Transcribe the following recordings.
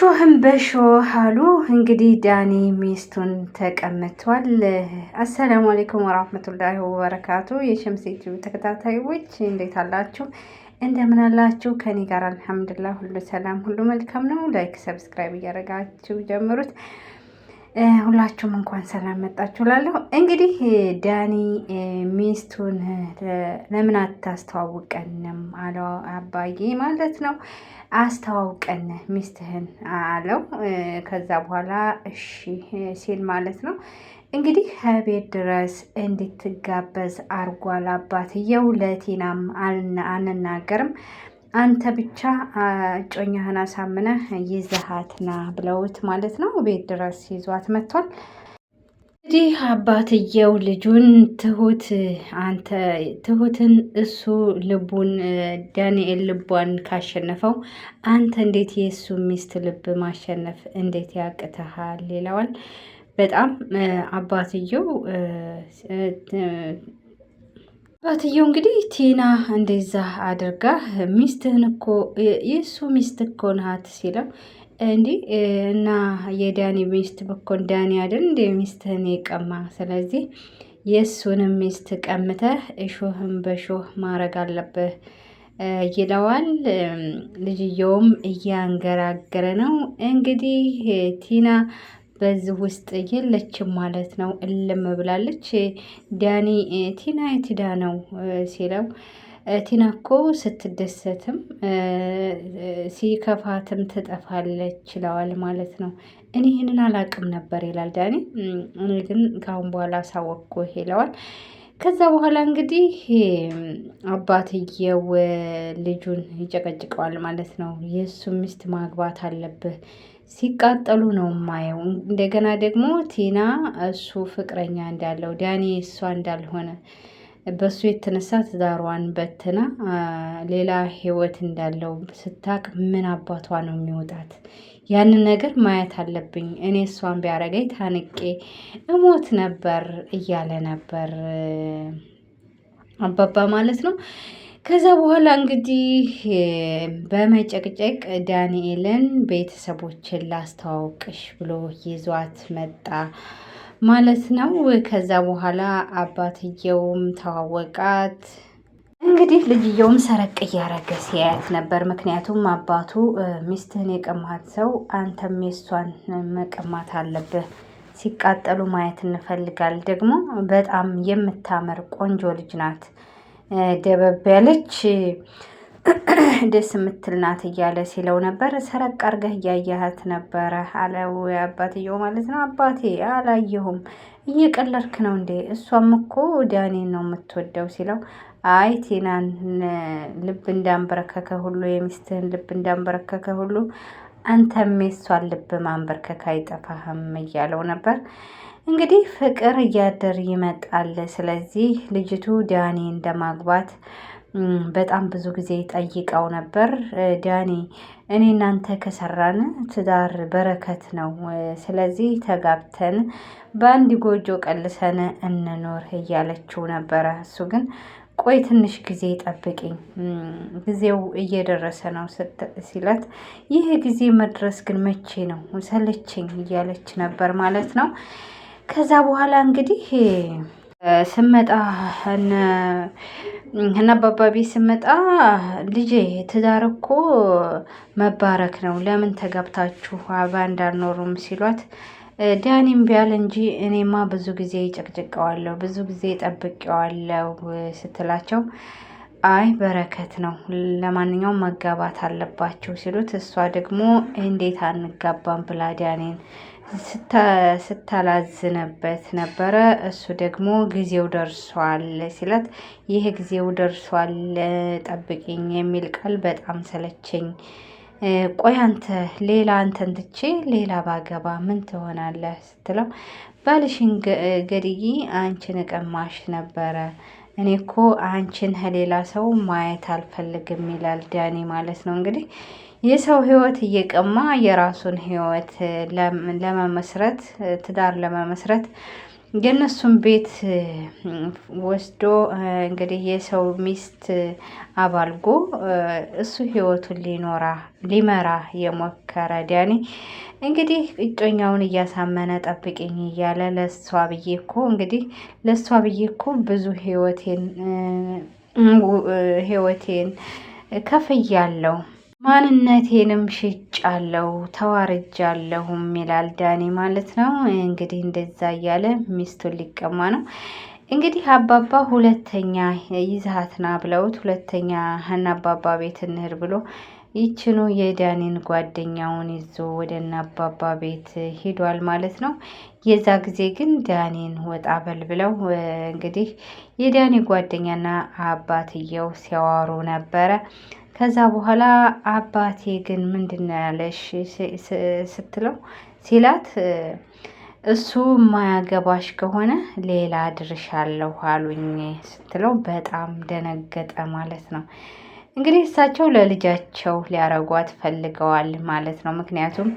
እሾህም በሾ አሉ። እንግዲህ ዳኒ ሚስቱን ተቀምቷል። አሰላሙ አሌይኩም ወራህመቱላሂ ወበረካቱ። ዩቲዩብ ተከታታዮች እንዴት አላችሁ? እንደምን አላችሁ? ከኔ ጋር አልሐምዱላ ሁሉ ሰላም፣ ሁሉ መልካም ነው። ላይክ ሰብስክራይብ እያደረጋችሁ ጀምሩት። ሁላችሁም እንኳን ሰላም መጣችሁ እላለሁ። እንግዲህ ዳኒ ሚስቱን ለምን አታስተዋውቀንም አለው አባዬ ማለት ነው። አስተዋውቀን ሚስትህን አለው። ከዛ በኋላ እሺ ሲል ማለት ነው እንግዲህ ከቤት ድረስ እንድትጋበዝ አርጓል። አባትየው ለቲናም አንናገርም አንተ ብቻ እጮኛህን አሳምነህ ይዘሃት ና ብለውት ማለት ነው ቤት ድረስ ይዟት መጥቷል። እንግዲህ አባትየው ልጁን ትሁት አንተ ትሁትን እሱ ልቡን ዳንኤል ልቧን ካሸነፈው አንተ እንዴት የእሱ ሚስት ልብ ማሸነፍ እንዴት ያቅትሃል? ይለዋል። በጣም አባትየው አባትየው እንግዲህ ቲና እንደዛ አድርጋ ሚስትህን እኮ የእሱ ሚስት እኮ ናት ሲለው እንዲህ እና የዳኒ ሚስት በኮን ዳኒ አይደል እንደ ሚስትህን የቀማ ስለዚህ የእሱንም ሚስት ቀምተህ እሾህን በሾህ ማድረግ አለብህ ይለዋል። ልጅየውም እያንገራገረ ነው እንግዲህ ቲና በዚህ ውስጥ የለችም ማለት ነው። እልም ብላለች። ዳኒ ቲና የትዳ ነው ሲለው ቲና እኮ ስትደሰትም ሲከፋትም ትጠፋለች ይለዋል ማለት ነው። እኔ ይህንን ነበር ይላል ዳኒ። እኔ ግን ከአሁን በኋላ ሳወቅኩ ይለዋል። ከዛ በኋላ እንግዲህ አባትየው ልጁን ይጨቀጭቀዋል ማለት ነው። የእሱ ሚስት ማግባት አለብህ ሲቃጠሉ ነው የማየው። እንደገና ደግሞ ቲና እሱ ፍቅረኛ እንዳለው ዳኒ እሷ እንዳልሆነ በእሱ የተነሳ ትዳሯን በትና ሌላ ህይወት እንዳለው ስታቅ ምን አባቷ ነው የሚወጣት? ያንን ነገር ማየት አለብኝ። እኔ እሷን ቢያረገኝ ታንቄ እሞት ነበር እያለ ነበር አባባ ማለት ነው። ከዛ በኋላ እንግዲህ በመጨቅጨቅ ዳንኤልን ቤተሰቦችን ላስተዋውቅሽ ብሎ ይዟት መጣ ማለት ነው። ከዛ በኋላ አባትየውም ተዋወቃት። እንግዲህ ልጅየውም ሰረቅ እያረገ ሲያያት ነበር። ምክንያቱም አባቱ ሚስትህን የቀማት ሰው አንተም የሷን መቀማት አለብህ፣ ሲቃጠሉ ማየት እንፈልጋል፣ ደግሞ በጣም የምታምር ቆንጆ ልጅ ናት ደበብ ያለች ደስ የምትል ናት እያለ ሲለው ነበር። ሰረቅ አርገህ እያያህት ነበረ አለው አባትየው ማለት ነው። አባቴ አላየሁም፣ እየቀለድክ ነው እንዴ? እሷም እኮ ዳኔን ነው የምትወደው ሲለው አይ ቴናን ልብ እንዳንበረከከ ሁሉ የሚስትህን ልብ እንዳንበረከከ ሁሉ አንተም የሷን ልብ ማንበርከክ አይጠፋህም እያለው ነበር። እንግዲህ ፍቅር እያደር ይመጣል። ስለዚህ ልጅቱ ዳኒ እንደማግባት በጣም ብዙ ጊዜ ጠይቀው ነበር። ዳኒ እኔ እናንተ ከሰራን ትዳር በረከት ነው። ስለዚህ ተጋብተን በአንድ ጎጆ ቀልሰን እንኖር እያለችው ነበረ። እሱ ግን ቆይ ትንሽ ጊዜ ጠብቂኝ፣ ጊዜው እየደረሰ ነው ሲላት፣ ይህ ጊዜ መድረስ ግን መቼ ነው ሰለችኝ እያለች ነበር ማለት ነው። ከዛ በኋላ እንግዲህ ስመጣ እና አባባቤ ስመጣ ልጄ ትዳር እኮ መባረክ ነው፣ ለምን ተጋብታችሁ በአንድ አልኖሩም ሲሏት ዳኒም ቢያል እንጂ እኔማ ብዙ ጊዜ ጨቅጭቀዋለሁ፣ ብዙ ጊዜ ጠብቄዋለሁ ስትላቸው አይ በረከት ነው፣ ለማንኛውም መጋባት አለባቸው ሲሉት እሷ ደግሞ እንዴት አንጋባም ብላ ዳኔን ስታላዝንበት ነበረ። እሱ ደግሞ ጊዜው ደርሷል ሲላት ይህ ጊዜው ደርሷል ጠብቅኝ የሚል ቃል በጣም ሰለቸኝ። ቆይ አንተ ሌላ አንተን ትቼ ሌላ ባገባ ምን ትሆናለህ? ስትለው ባልሽን ገድዬ አንቺን ቀማሽ ነበረ እኔ እኮ አንቺን ከሌላ ሰው ማየት አልፈልግም ይላል ዳኒ ማለት ነው። እንግዲህ የሰው ህይወት እየቀማ የራሱን ህይወት ለመመስረት ትዳር ለመመስረት የእነሱን ቤት ወስዶ እንግዲህ የሰው ሚስት አባልጎ እሱ ህይወቱን ሊኖራ ሊመራ የሞከረ ዲያኔ እንግዲህ እጮኛውን እያሳመነ ጠብቅኝ እያለ ለሷ ብዬ እኮ እንግዲህ ለሷ ብዬ እኮ ብዙ ህይወቴን ህይወቴን ከፍያለው። ማንነቴንም ሽጫለሁ ተዋርጃለሁም ይላል ዳኒ ማለት ነው። እንግዲህ እንደዛ እያለ ሚስቱን ሊቀማ ነው። እንግዲህ አባባ ሁለተኛ ይዛትና ብለውት ሁለተኛ ህን አባባ ቤት እንሂድ ብሎ ይችኑ የዳኒን ጓደኛውን ይዞ ወደ እናባባ ቤት ሂዷል ማለት ነው። የዛ ጊዜ ግን ዳኒን ወጣ በል ብለው እንግዲህ የዳኒ ጓደኛና አባትየው ሲያዋሩ ነበረ። ከዛ በኋላ አባቴ ግን ምንድን ያለሽ ስትለው ሲላት እሱ የማያገባሽ ከሆነ ሌላ ድርሻ አለሁ አሉኝ ስትለው በጣም ደነገጠ ማለት ነው። እንግዲህ እሳቸው ለልጃቸው ሊያረጓት ፈልገዋል ማለት ነው። ምክንያቱም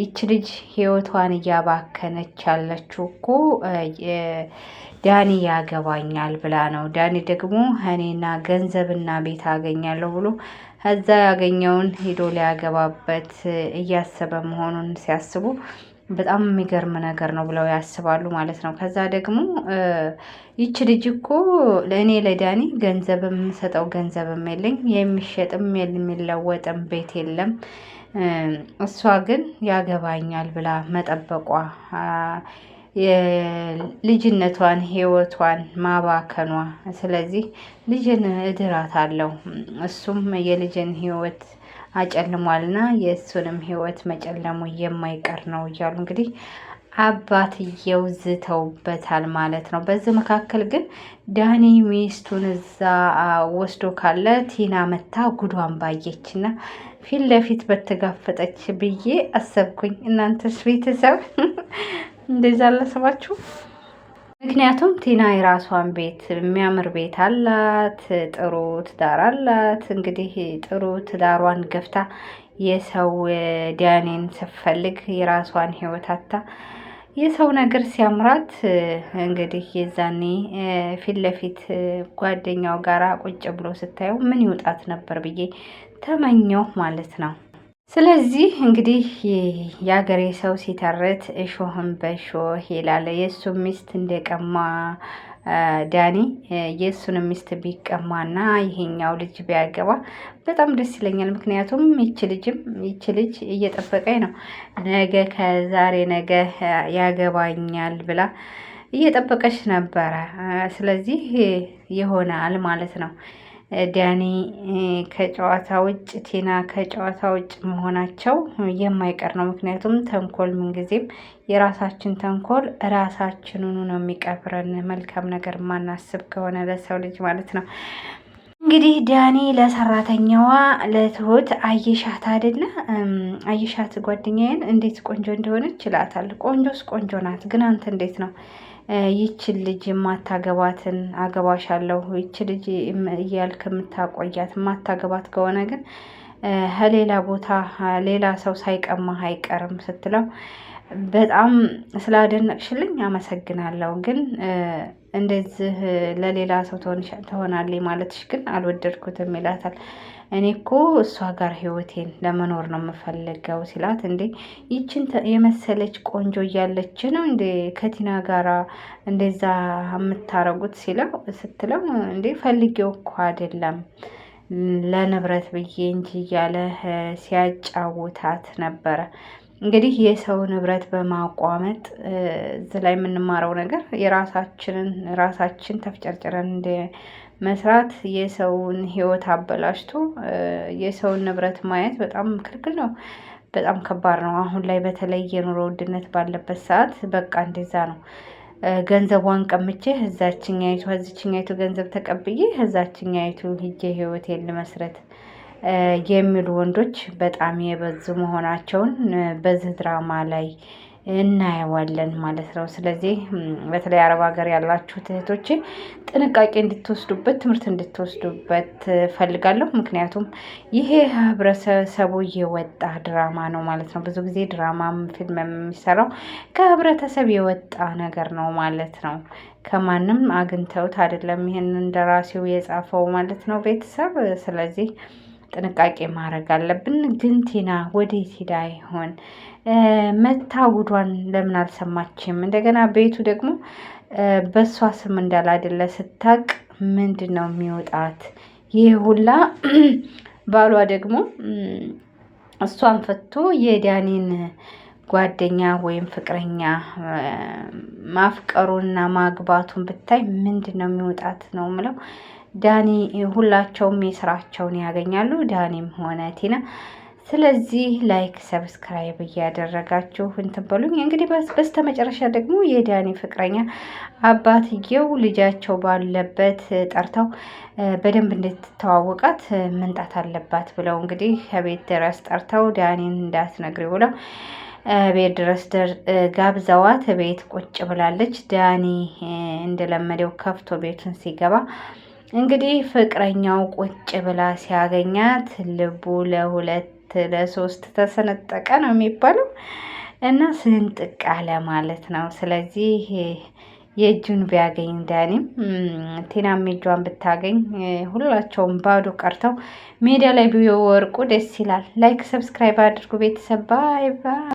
ይች ልጅ ህይወቷን እያባከነች ያለችው እኮ ዳኒ ያገባኛል ብላ ነው። ዳኒ ደግሞ እኔና ገንዘብና ቤት አገኛለሁ ብሎ እዛ ያገኘውን ሄዶ ሊያገባበት እያሰበ መሆኑን ሲያስቡ በጣም የሚገርም ነገር ነው ብለው ያስባሉ ማለት ነው። ከዛ ደግሞ ይቺ ልጅ እኮ ለእኔ ለዳኒ ገንዘብ የምሰጠው ገንዘብም የለኝ የሚሸጥም የሚለወጥም ቤት የለም። እሷ ግን ያገባኛል ብላ መጠበቋ የልጅነቷን ህይወቷን ማባከኗ። ስለዚህ ልጅን እድራት አለው እሱም የልጅን ህይወት አጨልሟልና የእሱንም ህይወት መጨለሙ የማይቀር ነው እያሉ እንግዲህ አባትየው ዝተውበታል ማለት ነው። በዚህ መካከል ግን ዳኒ ሚስቱን እዛ ወስዶ ካለ ቲና መታ ጉዷን ባየችና ፊት ለፊት በተጋፈጠች ብዬ አሰብኩኝ። እናንተስ ቤተሰብ እንደዛ አላሰባችሁ? ምክንያቱም ቲና የራሷን ቤት የሚያምር ቤት አላት፣ ጥሩ ትዳር አላት። እንግዲህ ጥሩ ትዳሯን ገፍታ የሰው ዲያኔን ስትፈልግ የራሷን ህይወት አታ የሰው ነገር ሲያምራት እንግዲህ የዛኔ ፊት ለፊት ጓደኛው ጋር ቁጭ ብሎ ስታየው ምን ይውጣት ነበር ብዬ ተመኘው ማለት ነው። ስለዚህ እንግዲህ የአገሬ ሰው ሲተርት እሾህም በሾህ ይላል። የእሱ ሚስት እንደቀማ ዳኒ የእሱን ሚስት ቢቀማና ይሄኛው ልጅ ቢያገባ በጣም ደስ ይለኛል። ምክንያቱም ይች ልጅም ይች ልጅ እየጠበቀኝ ነው፣ ነገ ከዛሬ ነገ ያገባኛል ብላ እየጠበቀች ነበረ። ስለዚህ ይሆናል ማለት ነው። ዳኒ ከጨዋታ ውጭ ቲና ከጨዋታ ውጭ መሆናቸው የማይቀር ነው። ምክንያቱም ተንኮል ምንጊዜም የራሳችን ተንኮል ራሳችንኑ ነው የሚቀብረን፣ መልካም ነገር ማናስብ ከሆነ ለሰው ልጅ ማለት ነው። እንግዲህ ዳኒ ለሰራተኛዋ ለትሁት አየሻት አይደለ? አየሻት ጓደኛዬን እንዴት ቆንጆ እንደሆነች ይላታል። ቆንጆስ ቆንጆ ናት፣ ግን አንተ እንዴት ነው ይች ልጅ የማታገባትን አገባሻለሁ ይች ልጅ እያልክ የምታቆያት የማታገባት ከሆነ ግን ከሌላ ቦታ ሌላ ሰው ሳይቀማህ አይቀርም ስትለው በጣም ስላደነቅሽልኝ አመሰግናለሁ፣ ግን እንደዚህ ለሌላ ሰው ትሆናለች ማለትሽ ግን አልወደድኩትም ይላታል። እኔ እኮ እሷ ጋር ህይወቴን ለመኖር ነው የምፈልገው ሲላት፣ እንዴ ይችን የመሰለች ቆንጆ እያለች ነው እንዴ ከቲና ጋራ እንደዛ የምታረጉት ሲለው ስትለው፣ እንዴ ፈልጌው እኮ አይደለም ለንብረት ብዬ እንጂ እያለ ሲያጫውታት ነበረ። እንግዲህ የሰው ንብረት በማቋመጥ እዚህ ላይ የምንማረው ነገር የራሳችንን ራሳችን ተፍጨርጭረን መስራት የሰውን ህይወት አበላሽቶ የሰውን ንብረት ማየት በጣም ክልክል ነው። በጣም ከባድ ነው። አሁን ላይ በተለይ የኑሮ ውድነት ባለበት ሰዓት በቃ እንደዛ ነው። ገንዘቧን ቀምቼ እዛችኛይቱ እዚችኛይቱ ገንዘብ ተቀብዬ እዛችኛይቱ ሂጄ ህይወቴን ልመስረት የሚሉ ወንዶች በጣም የበዙ መሆናቸውን በዚህ ድራማ ላይ እናየዋለን ማለት ነው። ስለዚህ በተለይ አረብ ሀገር ያላችሁ እህቶቼ ጥንቃቄ እንድትወስዱበት ትምህርት እንድትወስዱበት ፈልጋለሁ። ምክንያቱም ይሄ ህብረተሰቡ የወጣ ድራማ ነው ማለት ነው። ብዙ ጊዜ ድራማም ፊልም የሚሰራው ከህብረተሰብ የወጣ ነገር ነው ማለት ነው። ከማንም አግኝተውት አይደለም። ይህንን ደራሲው የጻፈው ማለት ነው ቤተሰብ ስለዚህ ጥንቃቄ ማድረግ አለብን። ግን ቲና ወዴት ሄዳ ይሆን? መታ ጉዷን ለምን አልሰማችም? እንደገና ቤቱ ደግሞ በእሷ ስም እንዳላደለ ስታቅ ምንድን ነው የሚወጣት? ይህ ሁላ ባሏ ደግሞ እሷን ፈቶ የዳኒን ጓደኛ ወይም ፍቅረኛ ማፍቀሩና ማግባቱን ብታይ ምንድን ነው የሚወጣት ነው ምለው ዳኒ ሁላቸውም የስራቸውን ያገኛሉ፣ ዳኒም ሆነ ቲና። ስለዚህ ላይክ ሰብስክራይብ እያደረጋችሁ እንትን በሉኝ። እንግዲህ በስተ መጨረሻ ደግሞ የዳኒ ፍቅረኛ አባትየው ልጃቸው ባለበት ጠርተው በደንብ እንድትተዋወቃት መምጣት አለባት ብለው እንግዲህ ከቤት ድረስ ጠርተው ዳኒን እንዳትነግሪ ብለው ቤት ድረስ ጋብዘዋት ቤት ቁጭ ብላለች። ዳኒ እንደለመደው ከፍቶ ቤቱን ሲገባ እንግዲህ ፍቅረኛው ቁጭ ብላ ሲያገኛት ልቡ ለሁለት ለሶስት ተሰነጠቀ ነው የሚባለው እና ስንጥቅ አለ ማለት ነው። ስለዚህ የእጁን ቢያገኝ ዳኒም ቲናም እጇን ብታገኝ ሁላቸውም ባዶ ቀርተው ሜዳ ላይ ቢወርቁ ደስ ይላል። ላይክ ሰብስክራይብ አድርጉ ቤተሰብ ባይ ባይ።